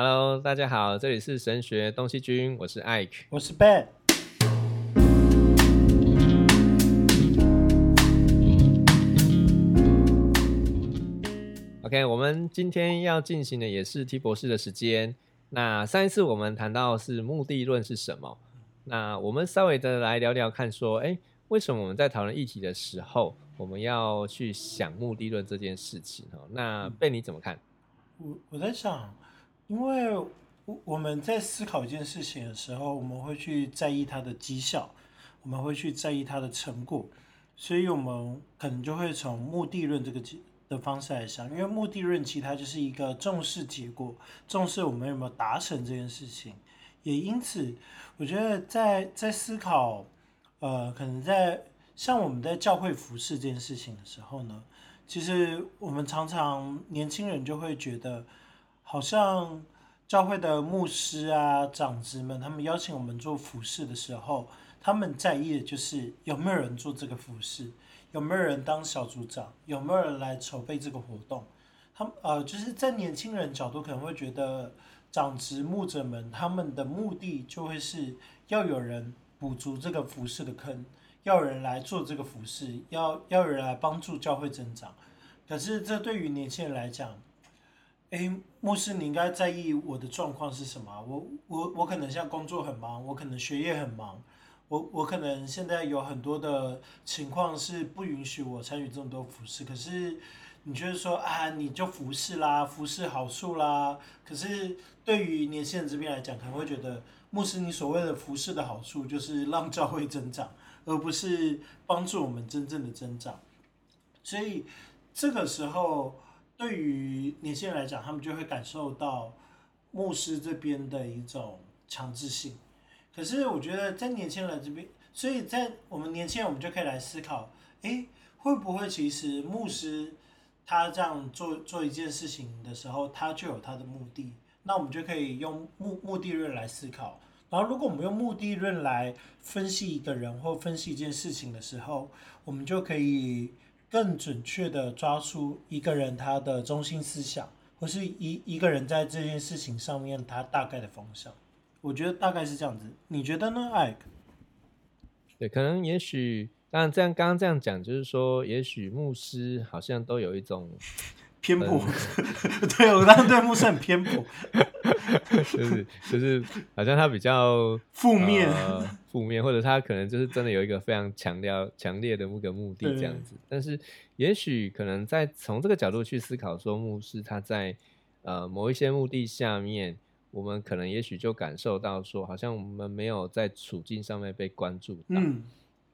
Hello，大家好，這裡是神學東西君，我是艾克，我是 Ben。OK，我們今天要進行的也是 T 博士的時間。那上一次我們談到是目的論是什麼？那我們稍微的來聊聊看，說，誒，為什麼我們在討論議題的時候，我們要去想目的論這件事情？哈，那貝你怎麼看？我我在想。因為我我們在思考一件事情的時候，我們會去在意它的績效，我們會去在意它的成果，所以，我們可能就會從目的論這個的方式來想。因為目的論其實它就是一個重視結果，重視我們有沒有達成這件事情。也因此，我覺得在在思考，呃，可能在像我們在教會服侍這件事情的時候呢，其實我們常常年輕人就會覺得。好像教會的牧師啊、長執們，他們邀請我們做服事的時候，他們在意的就是有沒有人做這個服事，有沒有人當小組長，有沒有人來籌備這個活動。他們呃，就是在年輕人角度可能會覺得，長執牧者們，他們的目的就會是要有人補足這個服事的坑，要有人來做這個服事，要要有人來幫助教會增長。可是這對於年輕人來講。哎，牧師，你應該在意我的狀況是什麼？我、我、我可能現在工作很忙，我可能學業很忙，我、我可能現在有很多的情況是不允許我參與這麼多服侍。可是你卻說啊，你就服侍啦，服侍好處啦。可是對於年輕人這邊來講，可能會覺得，牧師，你所謂的服侍的好處就是讓教會增長，而不是幫助我們真正的增長。所以這個時候。對於年輕人來講，他們就會感受到牧師這邊的一種強制性。可是我覺得在年輕人這邊，所以在我們年輕人，我們就可以來思考：哎，會不會其實牧師他這樣做做一件事情的時候，他就有他的目的？那我們就可以用目目的論來思考。然後，如果我們用目的論來分析一個人或分析一件事情的時候，我們就可以。更準確的抓出一個人他的中心思想，或是一一個人在這件事情上面他大概的方向，我覺得大概是這樣子。你覺得呢，艾克？對，可能也許，當然這樣，剛剛這樣講，就是說，也許牧師好像都有一種。偏頗，對我當時對牧師很偏頗，就是就是好像他比較負負面、， 呃、面，負面或者他可能就是真的有一個非常強調強烈的某個目的這樣子。對但是，也許可能在從這個角度去思考說，牧師他在呃某一些目的下面，我們可能也許就感受到說，好像我們沒有在處境上面被關注到。嗯、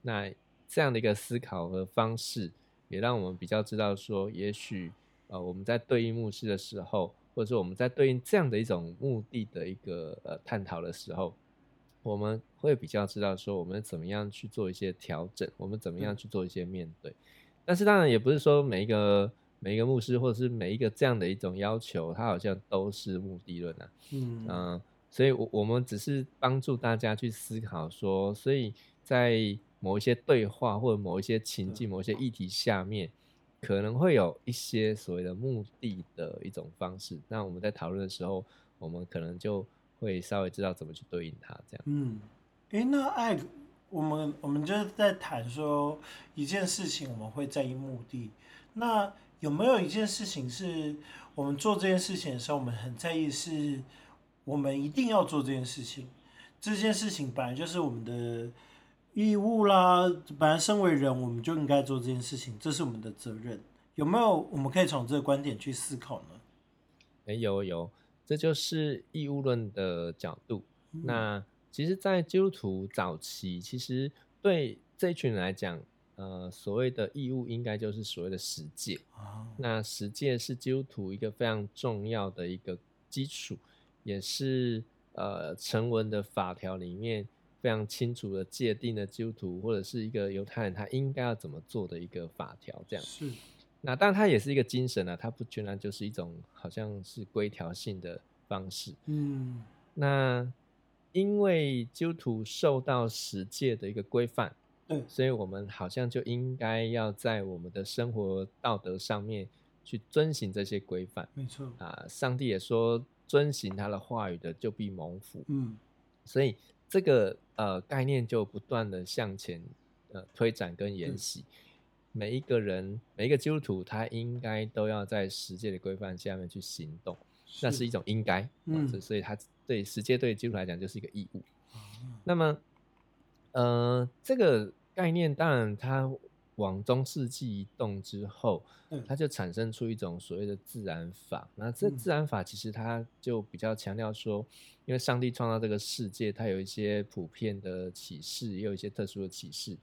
那這樣的一個思考和方式，也讓我們比較知道說，也許。呃，我們在對應牧師的時候，或者是我們在對應這樣的一種目的的一個呃探討的時候，我們會比較知道說，我們怎麼樣去做一些調整，我們怎麼樣去做一些面對。但是當然也不是說每一個每一個牧師，或者是每一個這樣的一種要求，它好像都是目的論啊。嗯啊、呃，所以，我我們只是幫助大家去思考說，所以在某一些對話或者某一些情境、某一些議題下面。嗯可能會有一些所謂的目的的一種方式，那我們在討論的時候，我們可能就會稍微知道怎麼去對應它，這樣。嗯，誒、欸，那艾，我們我們就是在談說一件事情，我們會在意目的。那有沒有一件事情是我們做這件事情的時候，我們很在意，是我們一定要做這件事情？這件事情本來就是我們的。義務啦，本來身為人，我們就應該做這件事情，這是我們的責任。有沒有我們可以從這個觀點去思考呢？欸、有有，這就是義務論的角度。嗯、那其實，在基督徒早期，其實對這群人來講，呃，所謂的義務應該就是所謂的十誡啊。那十誡是基督徒一個非常重要的一個基礎，也是呃成文的法條裡面。非常清楚的界定了基督徒或者是一個猶太人，他應該要怎麼做的一個法條，這樣是。那當然，他也是一個精神啊，他不全然就是一種好像是規條性的方式。嗯。那因為基督徒受到十誡的一個規範，對所以我們好像就應該要在我們的生活道德上面去遵循這些規範。沒錯錯啊，上帝也說遵循他的話語的就必蒙福。嗯，所以。這個呃概念，就不斷的向前呃推展跟延續，嗯、每一個人、每一個基督徒，他應該都要在十誡的規範下面去行動，是，那是一種應該，嗯啊、所以他對十誡，對基督徒來講就是一個義務。嗯、那麼呃這個概念當然他。往中世紀移動之後，它就產生出一種所謂的自然法。那這自然法其實它就比較強調說，因為上帝創造這個世界，它有一些普遍的啟示，也有一些特殊的啟示。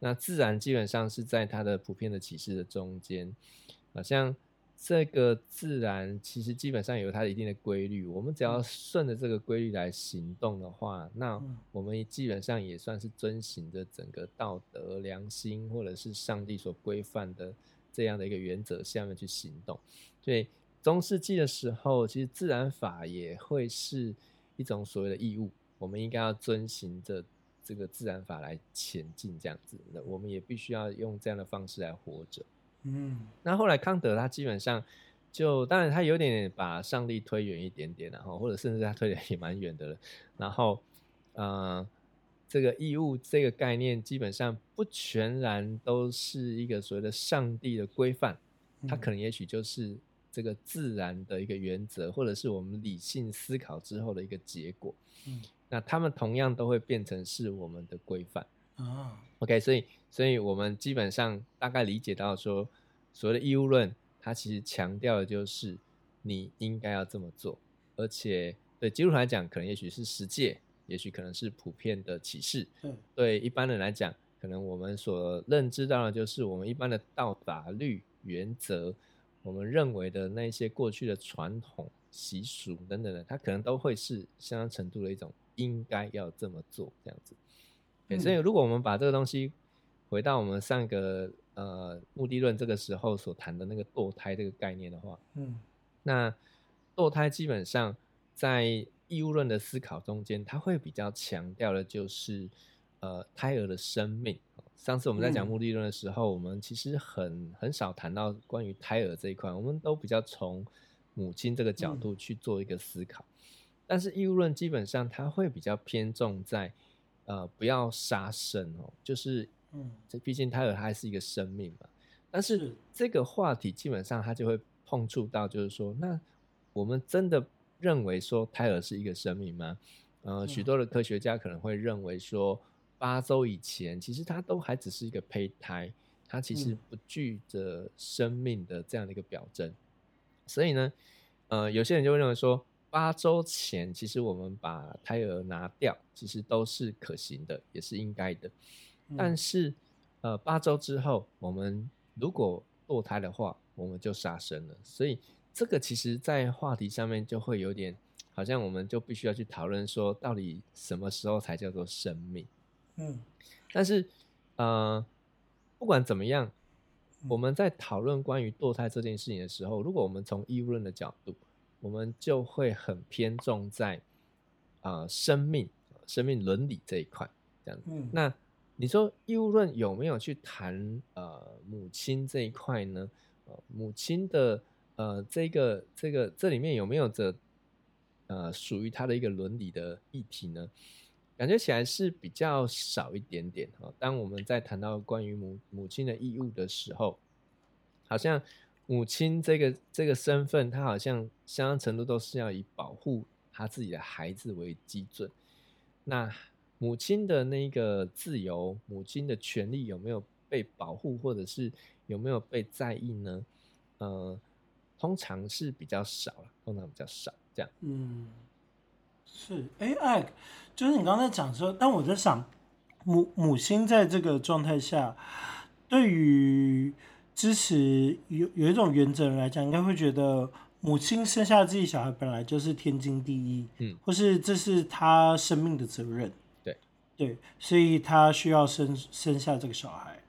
那自然基本上是在它的普遍的啟示的中間，好像。這個自然其實基本上有它的一定的規律，我們只要順着這個規律來行動的話，那我們基本上也算是遵循着整個道德良心或者是上帝所規範的這樣的一個原則下面去行動。所以中世紀的時候，其實自然法也會是一種所謂的義務，我們應該要遵循着這個自然法來前進，這樣子，那我們也必須要用這樣的方式來活着。嗯，那後來康德他基本上就，當然他有點把上帝推遠一點點，啊，然後或者甚至他推的也蠻遠的了。然後，呃，這個義務這個概念基本上不全然都是一個所謂的上帝的規範，它，嗯、可能也許就是這個自然的一個原則，或者是我們理性思考之後的一個結果。嗯，那他們同樣都會變成是我們的規範啊。OK，所以。所以我們基本上大概理解到說，所謂的義務論，它其實強調的就是你應該要這麼做。而且對基督徒來講，可能也許是十誡，也許可能是普遍的啟示。對，一般人來講，可能我們所認知到的就是我們一般的道、法律、原則，我們認為的那些過去的傳統習俗等等的，它可能都會是相當程度的一種應該要這麼做這樣子。所以，如果我們把這個東西，回到我們上一個呃目的論這個時候所談的那個墮胎這個概念的話，嗯，那墮胎基本上在義務論的思考中間，它會比較強調的，就是呃胎兒的生命。上次我們在講目的論的時候，嗯、我們其實很很少談到關於胎兒這一塊，我們都比較從母親這個角度去做一個思考，嗯、但是義務論基本上它會比較偏重在呃不要殺生哦、喔，就是。嗯，這畢竟胎兒還是一個生命嘛，但是這個話題基本上它就會碰觸到，就是說，那我們真的認為說胎兒是一個生命嗎？呃，許多的科學家可能會認為說，八周以前其實它都還只是一個胚胎，它其實不具着生命的這樣的一個表徵。嗯、所以呢，呃，有些人就會認為說，八周前其實我們把胎兒拿掉，其實都是可行的，也是應該的。但是，呃，八週之後，我們如果墮胎的話，我們就殺生了。所以，這個其實在話題上面就會有點，好像我們就必須要去討論說，到底什麼時候才叫做生命？嗯。但是，呃，不管怎麼樣，我們在討論關於墮胎這件事情的時候，如果我們從義務論的角度，我們就會很偏重在啊、呃，生命、生命倫理這一塊這樣。嗯。那你說義務論有沒有去談呃母親這一塊呢？母親的呃這個這個這裡面有沒有這呃屬於他的一個倫理的議題呢？感覺起來是比較少一點點哈，哦。當我們在談到關於母母親的義務的時候，好像母親這個這個身份，她好像相當程度都是要以保護她自己的孩子為基準。那母親的那個自由，母親的權利有沒有被保護，或者是有沒有被在意呢？呃，通常是比較少了，通常比較少這樣。嗯，是，哎、欸、哎，就是你剛才講說，但我在想，母母親在這個狀態下，對於支持有有一種原則來講，應該會覺得母親生下自己小孩本來就是天經地義，嗯，或是這是她生命的責任。對，所以他需要生生下這個小孩，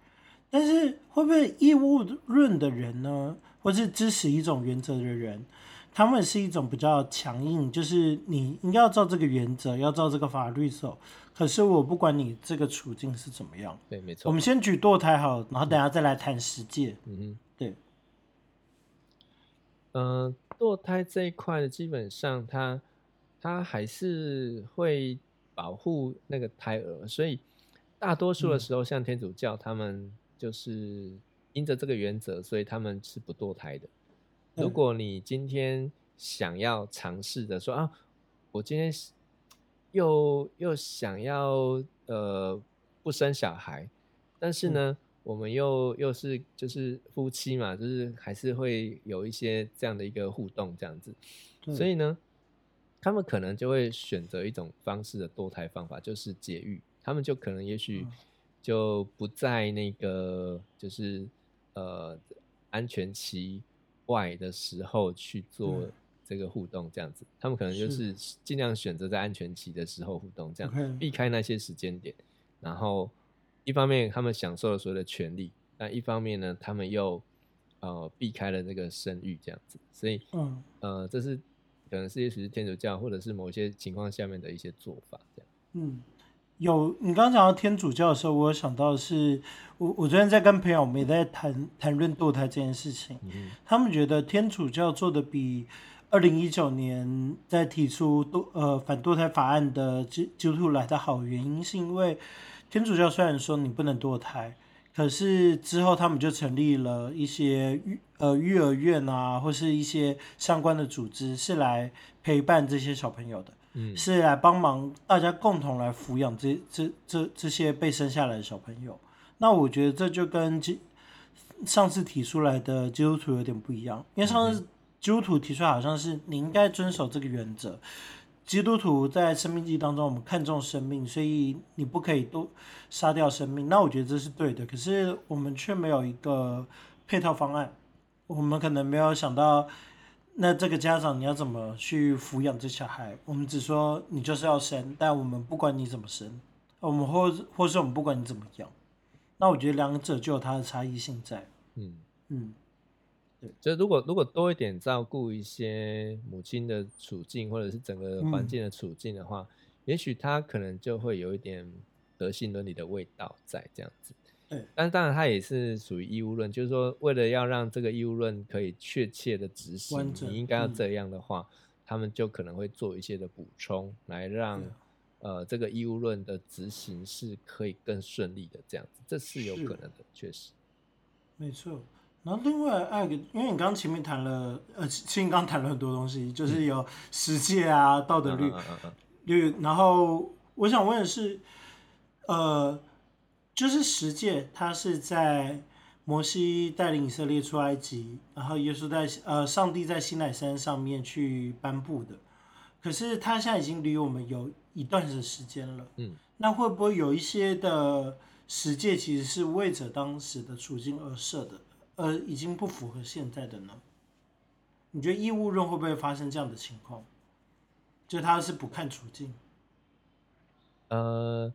但是會不會義務論的人呢，或是支持一種原則的人，他們是一種比較強硬，就是你應該要照這個原則，要照這個法律走。可是我不管你這個處境是怎麼樣，對，沒錯。我們先舉墮胎好了，然後等下再來談實踐。嗯嗯哼，對。呃，墮胎這一塊的基本上他他還是會。保護那個胎兒，所以大多數的時候，像天主教他們就是因着這個原則，所以他們是不墮胎的。嗯、如果你今天想要嘗試著說啊，我今天又又想要呃不生小孩，但是呢，嗯、我們又又是就是夫妻嘛，就是還是會有一些這樣的一個互動這樣子，嗯、所以呢。他們可能就會選擇一種方式的墮胎方法，就是節育。他們就可能也許就不在那個就是、嗯、呃安全期外的時候去做這個互動這樣子。他們可能就是盡量選擇在安全期的時候互動這樣，okay. 避開那些時間點。然後一方面他們享受了所有的權利，但一方面呢，他們又呃避開了那個生育這樣子。所以嗯呃這是。可能是也許是天主教，或者是某些情況下面的一些做法，嗯，有，你剛剛講到天主教的時候，我想到的是我我昨天在跟朋友們也在談談論墮胎這件事情，嗯，他們覺得天主教做的比二零一九年在提出墮呃反墮胎法案的 J J O O 來的好，原因是因為天主教雖然說你不能墮胎。可是之後，他們就成立了一些育呃育兒院啊，或是一些相關的組織，是來陪伴這些小朋友的，嗯，是來幫忙大家共同來撫養這這這這些被生下來的小朋友。那我覺得這就跟上上次提出來的基督徒有點不一樣，因為上次基督徒提出來好像是你應該遵守這個原則。基督徒在生命紀當中，我們看重生命，所以你不可以都殺掉生命。那我覺得這是對的，可是我們卻沒有一個配套方案。我們可能沒有想到，那這個家長你要怎麼去撫養這小孩？我們只說你就是要生，但我們不管你怎麼生，我們或或是我們不管你怎麼養。那我覺得兩者就有它的差異性在。嗯嗯。嗯對，就如果如果多一點照顧一些母親的處境，或者是整個環境的處境的話，嗯、也許他可能就會有一點德性倫理的味道在這樣子。欸、但當然他也是屬於義務論，就是說為了要讓這個義務論可以確切的執行，整你應該要這樣的話，嗯、他們就可能會做一些的補充，來讓、嗯、呃這個義務論的執行是可以更順利的這樣子，這是有可能的，確是實，沒錯。那另外，哎，因為你剛剛前面談了，呃，其實你剛談了很多東西，就是有十誡啊、嗯、道德律律、啊啊啊啊啊，然後我想問的是，呃，就是十誡，它是在摩西帶領以色列出埃及，然後耶穌在呃上帝在西奈山上面去頒布的，可是它現在已經離我們有一段的時間了，嗯，那會不會有一些的十誡其實是為着當時的處境而設的？呃，而已經不符合現在的呢？你覺得義務論會不會發生這樣的情況？就它是不看處境？呃，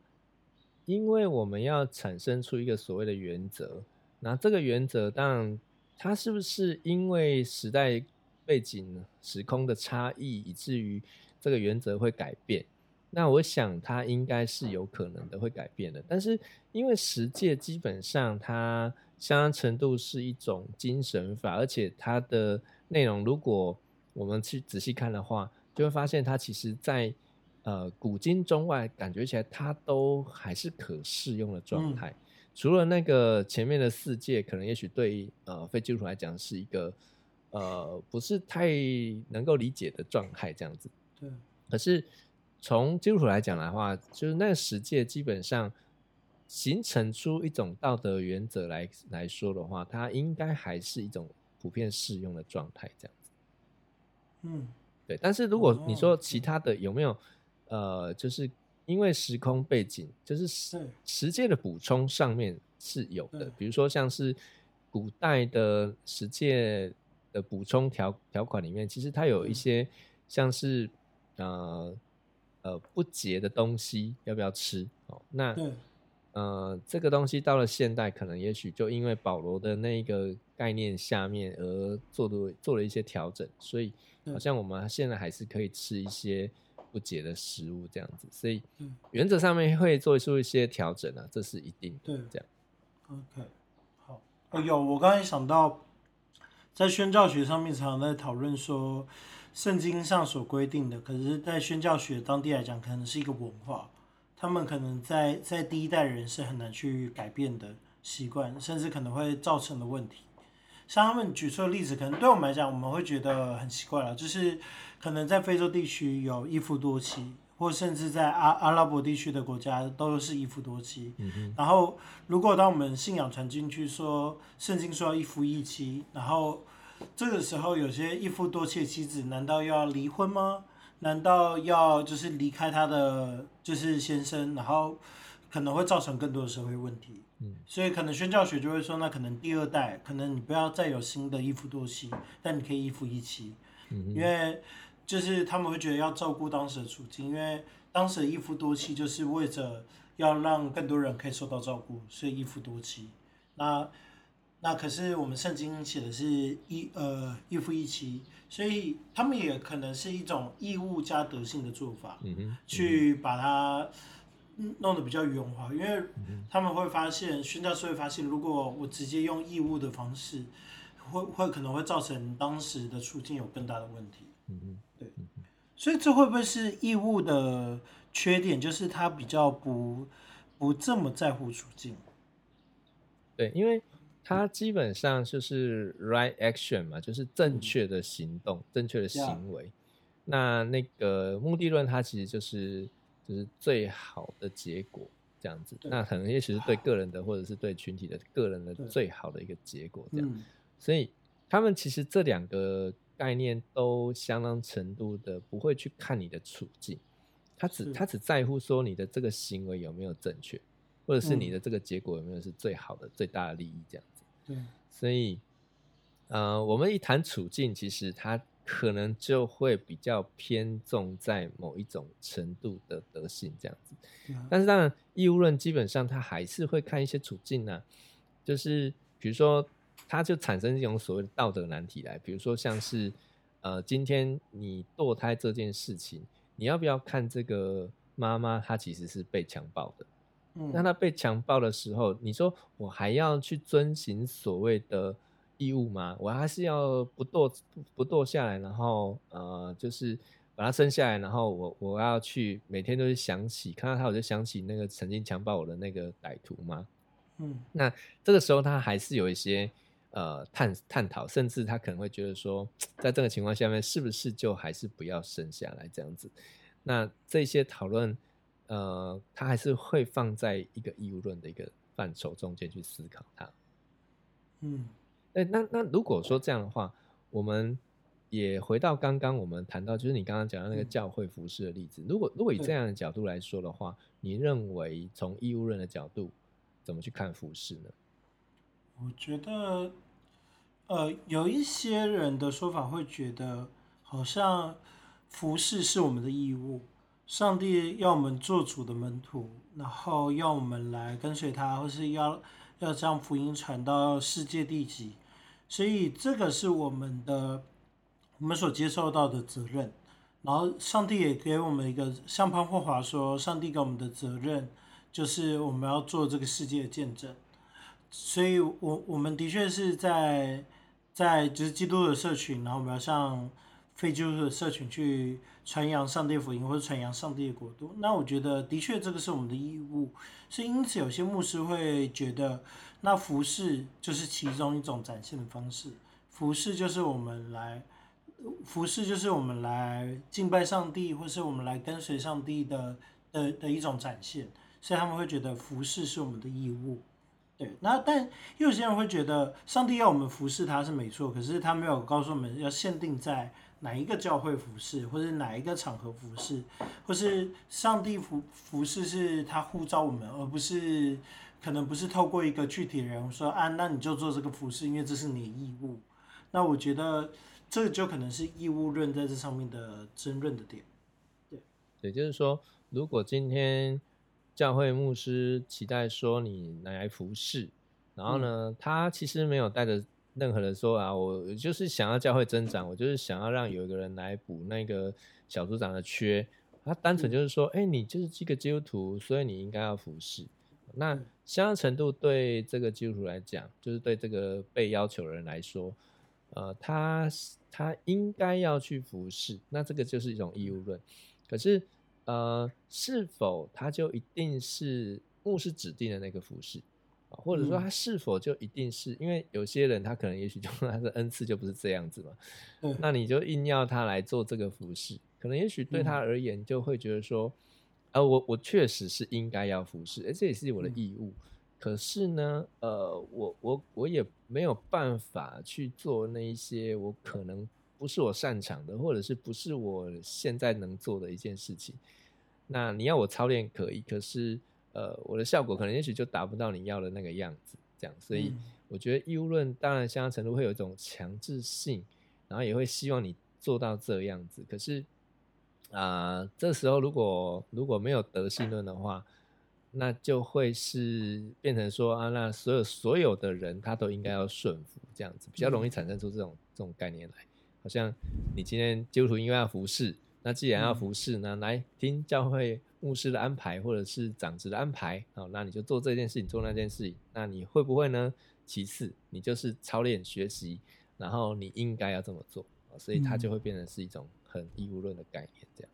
因為我們要產生出一個所謂的原則，那這個原則當然它是不是因為時代背景、時空的差異，以至於這個原則會改變？那我想它應該是有可能的，會改變的。但是因為實踐基本上它，相當程度是一種精神法，而且它的內容，如果我們去仔細看的話，就會發現它其實在，在呃古今中外，感覺起來它都還是可適用的狀態。嗯、除了那個前面的四誡，可能也許對呃非基督徒來講是一個呃不是太能夠理解的狀態，這樣子。對。可是從基督徒來講的話，就是那個十誡基本上。形成出一種道德原則來來說的話，它應該還是一種普遍適用的狀態，這樣子。嗯，對。但是如果你說其他的有沒有，哦哦呃，就是因為時空背景，就是時對時間的補充上面是有的。對比如說像是古代的時間的補充條條款裡面，其實它有一些像是對呃呃不潔的東西要不要吃哦、喔，那呃，這個東西到了現代，可能也許就因為保羅的那一個概念下面而做的做了一些調整，所以好像我們現在還是可以吃一些不潔的食物這樣子，所以原則上面會做出一些調整啊，這是一定對這樣。OK，好，呃、有我剛才想到，在宣教學上面常常在討論說，聖經上所規定的，可是，在宣教學當地來講，可能是一個文化。他們可能在在第一代人是很難去改變的習慣，甚至可能會造成的問題。像他們舉出的例子，可能對我們來講，我們會覺得很奇怪啦，就是可能在非洲地區有一夫多妻，或甚至在阿阿拉伯地區的國家都是一夫多妻。嗯哼。然後，如果當我們信仰傳進去說，說聖經說要一夫一妻，然後這個時候有些一夫多妻的妻子，難道又要離婚嗎？難道要就是離開他的就是先生，然後可能會造成更多的社會問題。嗯，所以可能宣教學就會說，那可能第二代可能你不要再有新的一夫多妻，但你可以一夫一妻。嗯嗯，因為就是他們會覺得要照顧當時的處境，因為當時的一夫多妻就是為着要讓更多人可以受到照顧，所以一夫多妻。那那可是我們聖經寫的是一呃一夫一妻，所以他們也可能是一種義務加德性的做法，嗯嗯、去把它弄得比較圓滑，因為他們會發現，嗯、哼宣教士會發現，如果我直接用義務的方式，會會可能會造成當時的處境有更大的問題，嗯嗯、對，所以這會不會是義務的缺點，就是他比較不不這麼在乎處境，對，因為。它基本上就是 right action 嘛，就是正確的行動、嗯、正確的行為。Yeah. 那那個目的論它其實就是就是最好的結果這樣子。對那可能也許是對個人的，或者是對群體的個人的最好的一個結果這樣子。對所以他們其實這兩個概念都相當程度的不會去看你的處境，他只他是只在乎說你的這個行為有沒有正確，或者是你的這個結果有沒有是最好的、嗯、最大的利益這樣子。對，所以，呃，我們一談處境，其實他可能就會比較偏重在某一種程度的德性這樣子。啊、但是當然，義務論基本上他還是會看一些處境呢、啊，就是比如說，他就產生這種所謂的道德難題來，比如說像是，呃，今天你墮胎這件事情，你要不要看這個媽媽她其實是被強暴的？那他被強暴的時候，你說我還要去遵循所謂的義務嗎？我還是要不墮、不不墮下來，然後呃，就是把他生下來，然後我我要去每天都去想起看到他，我就想起那個曾經強暴我的那個歹徒嗎？嗯，那這個時候他還是有一些呃探探討，甚至他可能會覺得說，在這個情況下面，是不是就還是不要生下來這樣子？那這些討論。呃，他還是會放在一個義務論的一個範疇中間去思考它。嗯，哎、欸，那那如果說這樣的話，我們也回到剛剛我們談到，就是你剛剛講到那個教會服飾的例子。嗯，如果如果以這樣的角度來說的話，對你認為從義務論的角度怎麼去看服飾呢？我覺得，呃，有一些人的說法會覺得，好像服飾是我們的義務。上帝要我們做主的門徒，然後要我們來跟隨他，或是要要將福音傳到世界地極，所以這個是我們的我們所接受到的責任。然後上帝也給我們一個，像潘霍華說，上帝給我們的責任就是我們要做這個世界的見證。所以我我們的確是在在就是基督的社群，然後我們要像。非基督的社群去傳揚上帝的福音，或者傳揚上帝的國度，那我覺得的確這個是我們的義務。所以因此有些牧師會覺得，那服侍就是其中一種展現的方式。服侍就是我們來服侍，就是我們來敬拜上帝，或是我們來跟隨上帝的呃的，的一種展現。所以他們會覺得服侍是我們的義務。對，那但有些人會覺得，上帝要我們服侍，他是沒錯，可是他沒有告訴我們要限定在。哪一個教會服侍，或者哪一個場合服侍，或是上帝服服侍，是他呼召我們，而不是可能不是透過一個具體的人說啊，那你就做這個服侍，因為這是你的義務。那我覺得這就可能是義務論在這上面的爭論的點。對，也就是說，如果今天教會牧師期待說你來服侍，然後呢，嗯、他其實沒有帶着。任何人說啊，我就是想要教會增長，我就是想要讓有一個人來補那個小組長的缺。他單純就是說，哎、嗯欸，你就是這個基督徒，所以你應該要服侍。那相當程度對這個基督徒來講，就是對這個被要求的人來說，呃，他他應該要去服侍。那這個就是一種義務論。可是，呃，是否他就一定是牧師指定的那個服侍？或者說他是否就一定是、嗯、因為有些人他可能也許就他的恩賜就不是這樣子嘛，嗯、那你就硬要他來做這個服侍，可能也許對他而言就會覺得說，啊、嗯呃、我我確實是應該要服侍，哎這也是我的義務，嗯、可是呢，呃我我我也沒有辦法去做那一些我可能不是我擅長的，或者是不是我現在能做的一件事情，那你要我操練可以，可是，呃，我的效果可能也許就達不到你要的那個樣子，這樣，所以我覺得義務論當然相當程度會有一種強制性，然後也會希望你做到這樣子。可是啊、呃，這時候如果如果沒有德性論的話，嗯、那就會是變成說啊，那所有所有的人他都應該要順服這樣子，比較容易產生出這種、嗯、這種概念來，好像你今天基督徒因為要服侍，那既然要服侍呢，嗯、來聽教會。牧師的安排，或者是長職的安排，好，那你就做這件事情，做那件事情，那你會不會呢？其次，你就是操練學習，然後你應該要這麼做，所以它就會變成是一種很義務論的概念，這樣。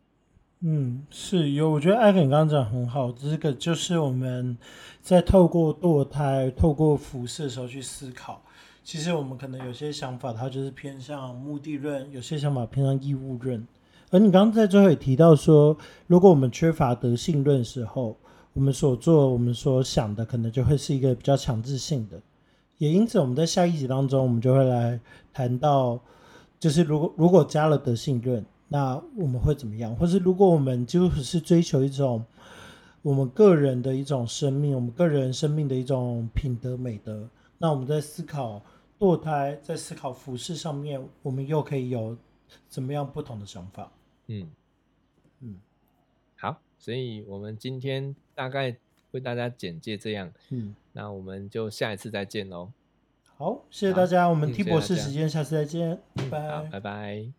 嗯，是有，我覺得艾肯你剛剛講很好，這個就是我們在透過墮胎、透過服事的時候去思考，其實我們可能有些想法，它就是偏向目的論，有些想法偏向義務論。而你剛剛在最後也提到說，如果我們缺乏德性論的時候，我們所做、我們所想的，可能就會是一個比較強制性的。也因此，我們在下一集當中，我們就會來談到，就是如果如果加了德性論，那我們會怎麼樣？或是如果我們就是追求一種我們個人的一種生命，我們個人生命的一種品德美德，那我們在思考墮胎，在思考服飾上面，我們又可以有怎麼樣不同的想法？嗯嗯，嗯好，所以我們今天大概為大家簡介這樣，嗯，那我們就下一次再見嘍。好，謝謝大家，好我們 T 博士、嗯、時間，下次再見，嗯、拜拜。